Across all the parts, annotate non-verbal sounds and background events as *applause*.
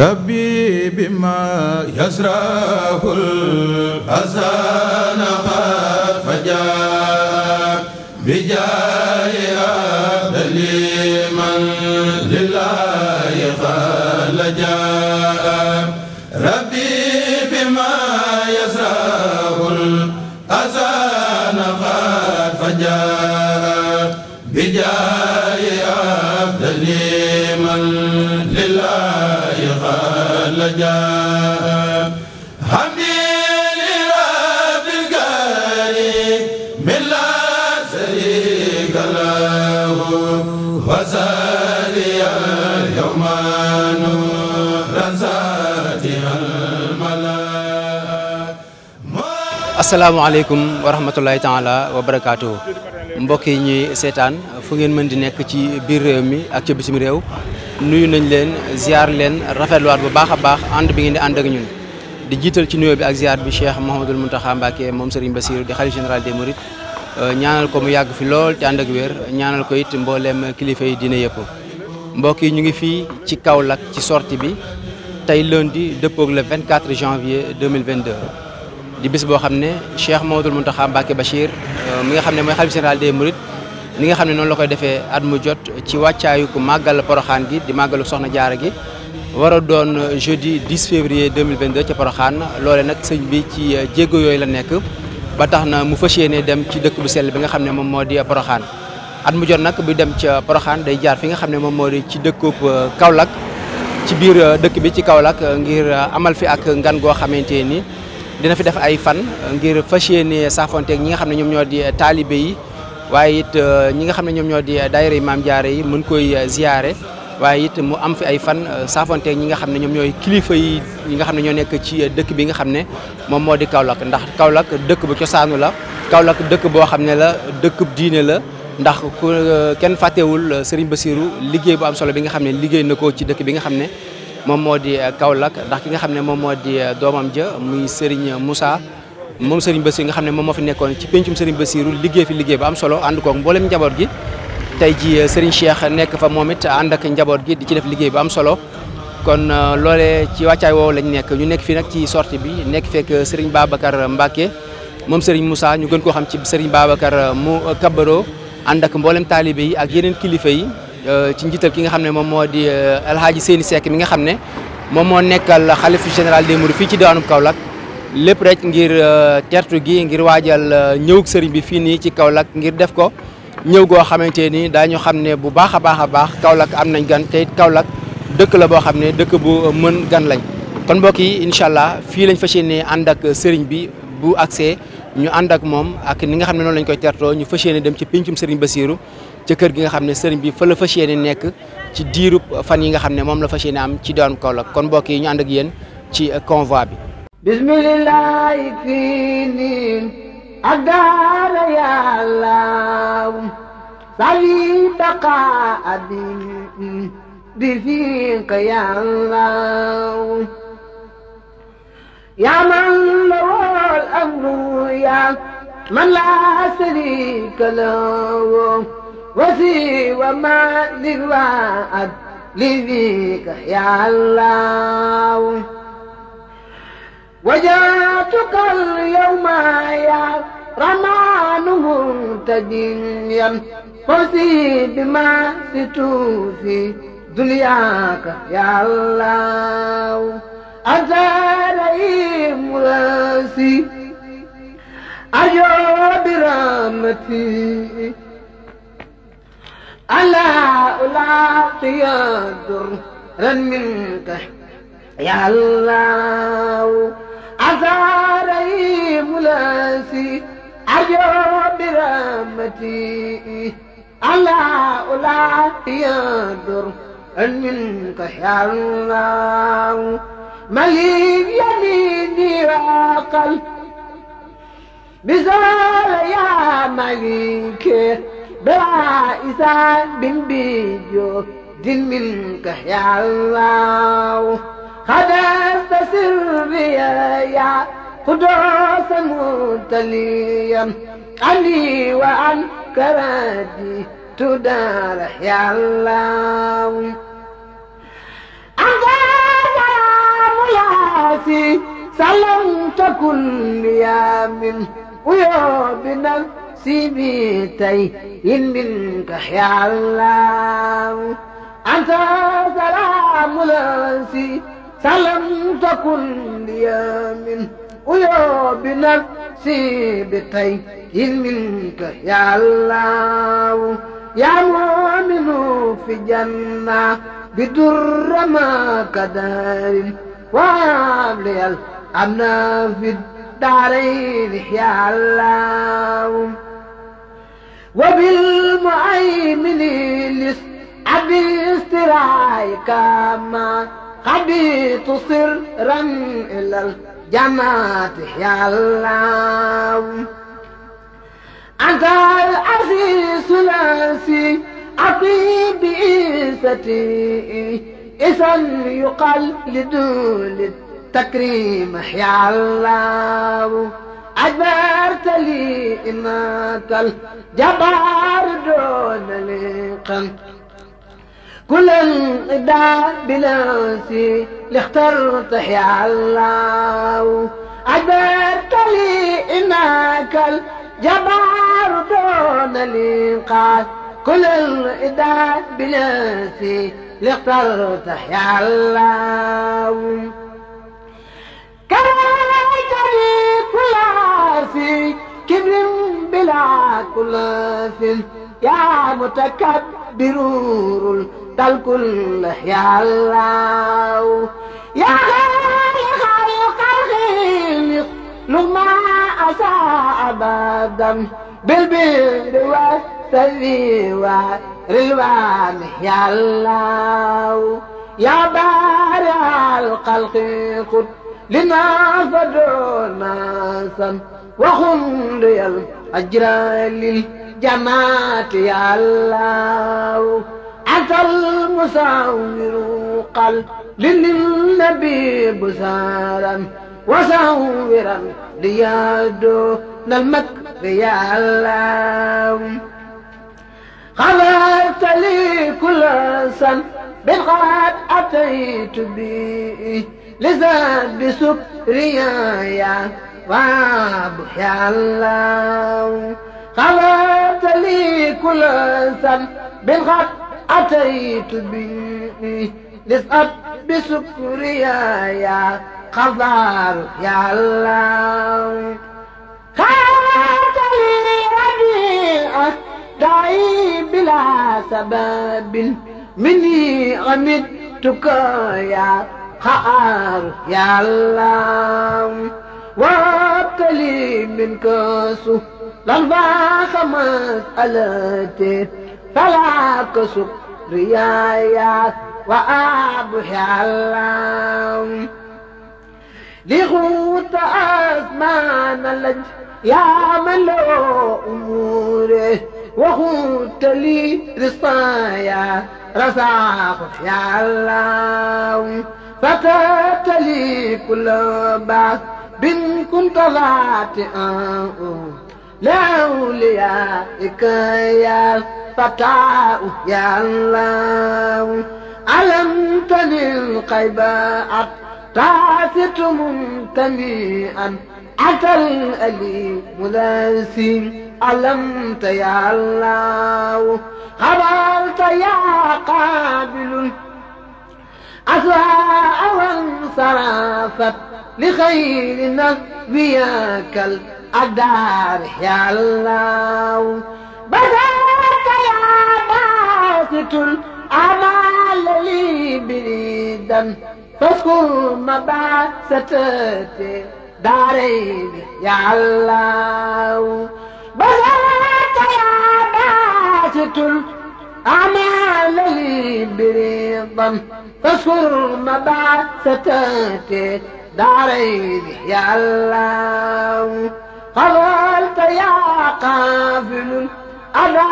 ربي بما يزرع الأذان قد فجاء بجاه أهل من لله قال جاء ربي بما يزرع الأذان قد فجاء asalaamaaleykum wa rahmatulahi taala wa barakaatu mbokk yi ñuy seetaan fu ngeen mën nekk ci biir mi ak ci bisim réew nuyu nañ leen ziar leen rafetluwaat bu baax a baax ànd bi ngeen di ànd ak ñun di jiital ci nuyo bi ak ziar bi Cheikh Mouhamadoul Mountakha Mbacké moom Serigne Bassirou di xalif général des Mourides euh, ñaanal ko mu yàgg fi lool te ànd ak wér ñaanal ko it mboolem kilifa yi dina yëpp mbokk yi ñu ngi fii ci Kaolack ci sorti bi tey di dëppoog le 24 janvier 2022 di bis boo xam ne Cheikh Mouhamadoul Mountakha Mbacké Bachir euh, mi nga xam ne mooy xalif général des Mourides ni nga xam ne noonu la koy defee at mu ci wàccaayu ku màggal poroxaan gi di màggalu soxna jaara gi war a doon jeudi 10 février 2022 ca poroxaan loole nag sëñ bi ci jéego yooyu la nekk ba tax na mu fas yéene dem ci dëkk bu sell bi nga xam ne moom moo di poroxaan at mu jot nag bu dem ca poroxaan day jaar fi nga xam ne moom moo di ci dëkkub euh, Kaolack ci biir euh, dëkk bi ci Kaolack euh, ngir amal fi ak ngan goo xamante ni dina fi def ay fan ngir fas yéene saafonteeg ñi nga xam ne ñoom ñoo di taalibe yi waaye it euh, ñi nga xam ne ñoom ñoo di euh, daayira yi maam jaare yi mën koy euh, ziyaare waaye it mu am fi ay fan saafonteeg ñi nga xam ne ñoom ñooy kilifa yi ñi nga xam ne ñoo nekk ci dëkk bi nga xam ne moom moo di Kaolack ndax Kaolack dëkk bu cosaanu la Kaolack dëkk boo xam ne la dëkk diine la ndax ku kenn fàttewul Serigne Bassirou liggéey bu am solo bi nga xam ne liggéey na ko ci dëkk bi nga xam ne moom moo di Kaolack ndax ki nga xam ne moom moo di doomam ja muy Serigne Moussa moom Serigne Bassirou nga xam ne moom moo fi nekkoon ci pencum Serigne Bassirou liggéey fi liggéey bu am solo ànd koog mboolem njaboot gi tey ji euh, Serigne Cheikh nekk fa moom it ànd ak njaboot gi di ci def liggéey bu am solo kon euh, loole ci wàccaay woowu lañ nekk ñu nekk fi nag ci sorti bi nekk fekk euh, Serigne Babacar Mbacké moom Serigne Moussa ñu gën koo xam ci Serigne Babacar mu kabaro ànd ak mboolem taalibe yi ak yeneen kilifa yi ci njiital ki nga xam ne moom moo di El Hadji Seyni Seck mi nga xam ne moom moo nekkal xalifu général des fii ci diwaanu Kaolack lépp rek ngir euh, tertu gi ngir waajal euh, ñëwug sëriñ bi fii nii ci Kaolack ngir def ko ñëw goo xamante ni daañu xam ne bu baax a baax a baax Kaolack am nañ gan te it dëkk la boo xam ne dëkk bu euh, mën gan lañ. kon mbokk yi incha allah fii lañ fas yéenee ànd ak sëriñ bi bu agsee ñu ànd ak moom ak ni nga xam ne noonu lañ koy tertoo ñu fas yéene dem ci pencum sëriñ Basiiru ca kër gi nga xam ne sëriñ bi fa la fas nekk ci diirub fan yi nga xam ne moom la fas yéene am ci doon Kaolack kon mbokk yi ñu ak yéen ci convoi bi. بسم الله يكفيني أدار يا الله صلي بقاء أبي برفيق يا الله يا من له الأمر يا من لا شريك له وسوى ما للوعد لذيك يا الله وجاتك اليوم يا رمان منتجيا فوزي بما ستوفي دنياك يا الله أزاري مراسي أجو برامتي ألا ألاقي در منك يا الله عسى ملاسي أرجو برحمتي الله لا يضر أن منك يا الله مليك يميني وعقل بزول يا مليك بلا إسان بن بيجو دين منك يا الله خدست سربيا يا قدوس متليا عني وعن كرادي تدار يا الله أنت سلام ياسي سلمت كل يوم ويوم نفسي بيتي منك يا الله أنت سلام ياسي فلم تكن لي من عيوب نفسي بطيء منك يا الله يا مؤمن في جنة بدر ما كدار وعاملي الأمن في الدارين يا الله وبالمؤمن لس أبي استرايك ما خبيت سرا إلى الجماعة يا الله أنت العزيز العزيز عقيب إيستي إذا يقال لدول التكريم يا الله أجبرت لي إماك الجبار دون لقم كل انقضاء بنفسي لاخترت يا الله عجبت لي إنك الجبار دون الإنقاذ كل الإداء بنفسي لاخترت يا الله كرهتني كل في كبر بلا كل يا متكبر الكل يا الله يا خير خالق الخلق لما أساء أبدا بالبر والسر والرضوان يا الله يا بارع الخلق خذ لنا فدعونا سن وخن الأجر للجماعة يا الله أتى المساور قلب للنبي بسارا وساورا ليادو المكر يا الله غفرت لي كل سن بالغاد أتيت بي لزاد بسكريا يا رب يا الله غفرت لي كل سن بالغاد أتيت به نسأت بسكريا يا خضار يا الله خانت لي وديعة دعي بلا سبب مني غمدتك يا خار يا الله وابتلي منك سهلا فخمس ألاتي فلا سكريايا وأبحي اللام لغوت أزمان لج يا ملو أموره وغوت لي رصايا رزاق يا الله فتات لي كل بعد بن كنت ذات لأوليائك يا فتاء يا الله ألم تلل قيباء تعثت منتميئا أتى الأليم لاسي ألمت يا الله خبرت يا قابل أساء وانصرفت لخير نبيك الأدار يا الله بدأ ساكت الأمال لي بريدا فاذكر مباستتي دارين يا الله بزرت يا باسط الأعمال لي بريضا فاذكر مباستتي دارين يا الله قبلت يا قافل أبا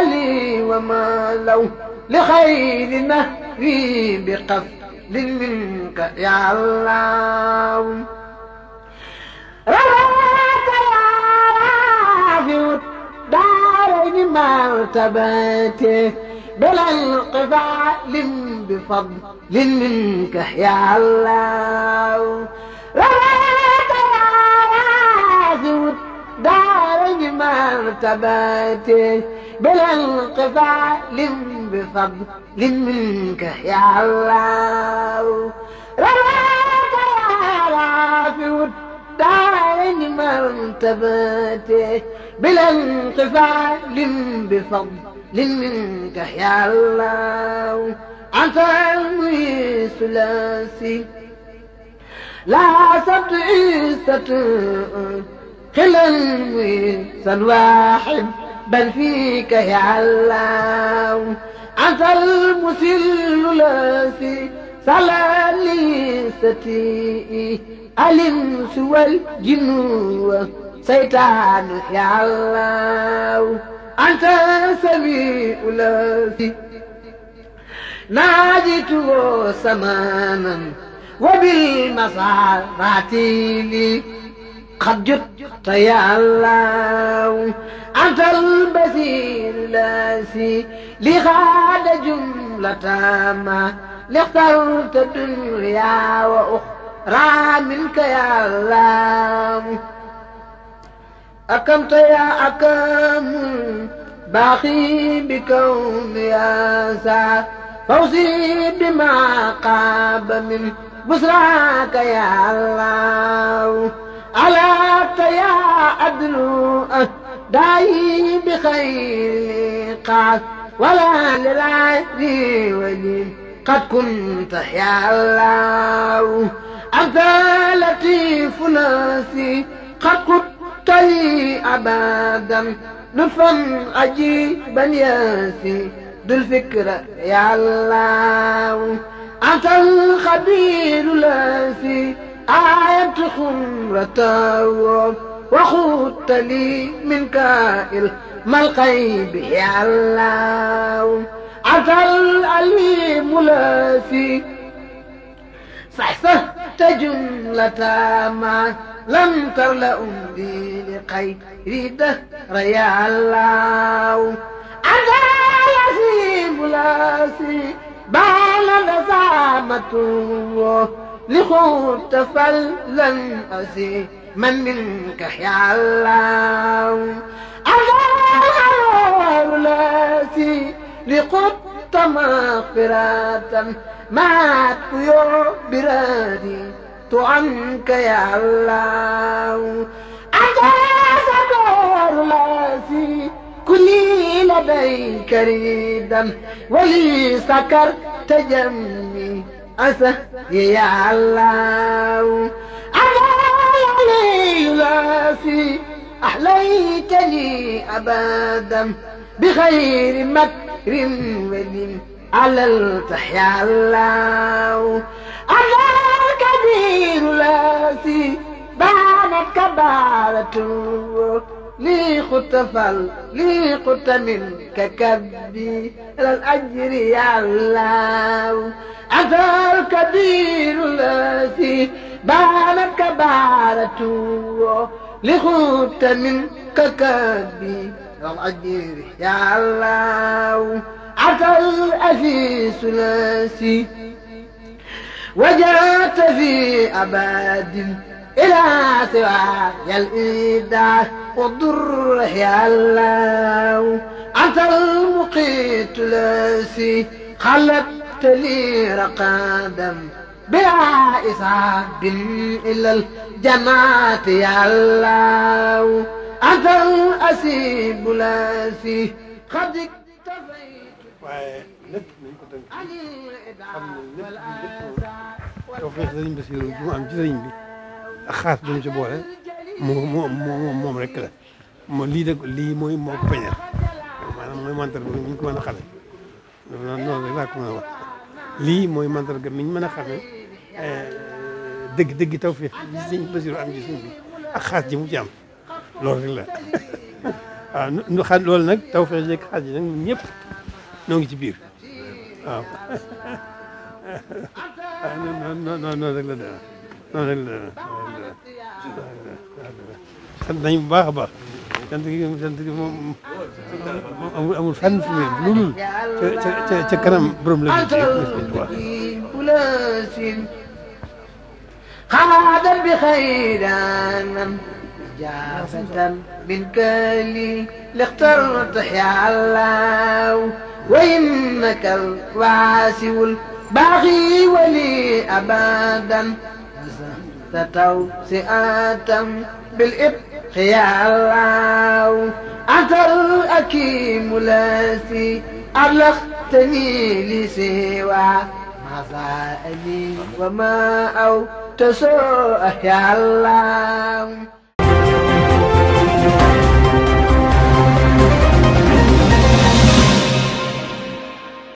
ألي وما لو لخير نهري بقصد منك يا الله رواك يا رافع الدارين مرتبتي بلا انقفال بفضل منك يا الله رواك دارج مرتباتي بلا انقفال بفضل منك يا الله رواك يا رافع دارج مرتباتي بلا انقفال بفضل منك يا الله أنت علمي ثلاثي لا ستعي ستعي خلال وينسا واحد بل فيك يا علام عسى المسل لاسي سلالي ستي الانس والجن والشيطان يا علام انت سميع لاسي ناديته سمانا وبالمصارات لي قد جئت يا الله أنت البزير الذي لغاد جملة ما لاخترت الدنيا وأخرى منك يا الله أكمت يا أكم باقي بكون يا سا فوزي بما قاب من بصراك يا الله ألا يا أدنو داي بخير قعد ولا للعدي ولي قد كنت يا الله أنت لطيف ناسي قد كنت لي أبدا لطفا عجيبا ياسي ذو الفكرة يا الله أنت الخبير لاسي آية خمرته وخذت لي منك ما الغيب يا الله عفى العليم الذي صحصحت جملة ما لم تر أمدي لخير دهر يا الله عفى العظيم الذي بان نزامته لخوت فلن أسي من منك يا الله الله لاسي لقط مغفرة معك يا برادي تعنك يا الله أنت سكر لاسي كلي لديك ريدا ولي سكر تجمد أسه يا الله علي لا في أحليت لي أبدا بخير مكر ودين على التحيا الله أنا الكبير لا في بانت كبارة لي خطفل لي قط من ككبي الأجر يا الله أتى الكبير الذي بانت كبارته لخط من ككبي الأجر يا الله أتى الأسيس الذي وجاءت في أباد إلى سواي الإيداع والضر يا الله أنت المقيت لاسي خلقت لي رقادا بلا إصاب إلى الجنات يا الله أنت الأسيب لاسي قد اكتفيت lépp nañ ko tënk xam ne lépp lépp tawfeex sëriñ bi si lu mu am ci sëriñ bi ak xaas duñu ci boole moo moo moo moom rek la moo lii de lii mooy moo ko peñal maanaam mooy mandarga bi ñu ko mën a xamee noonu rek lii mooy mandarga mi ñu mën a xamee eh, dëgg dëgg tawfiix ji sëñ Basiru am ci suñ bi ak xaas ji mu ci am loolu *laughs* nag tawfiix ji ak xaas ji nag ñun ñëpp ñoo ngi ci biir waaw *laughs* non la dana noonu sant nañu bu baax a baax sant gi sant gi moom amul amul fànn fu mu lu dul ca ca ca kanam borom la ñu ci waaw. تتوسئة بالإبقياء الله أنت الأكيم الذي أبلغتني لسوى مصائبي وما أو تسوء يا الله